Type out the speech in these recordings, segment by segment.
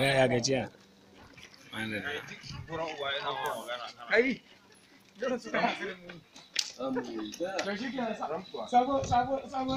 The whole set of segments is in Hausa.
ya gajiya kai sabon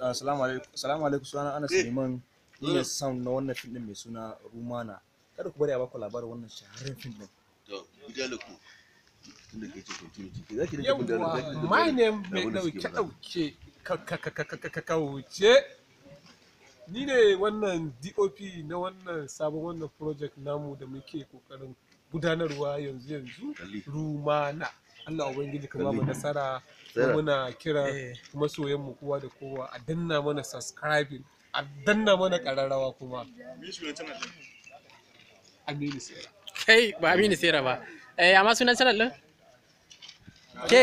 Uh, salamu alaikum suna ana Liman ni eh. sound na wannan fim din mai suna Rumana. Kada ku bari a baku labarin wannan shahararren fim din. To, gida da ku. Tunda ke ce continuity. Yawwa, my name mai dauke dauke kauce ni ne wannan dop na wannan sabon wannan project namu da muke kokarin gudanarwa yanzu yanzu rumana allah ubangiji ka ba mu nasara muna kira eh. masoyan mu kowa da kowa a danna mana subscribing a danna mana kararrawa kuma aminu sera kai ba aminu sera ba eh amma sunan channel din ke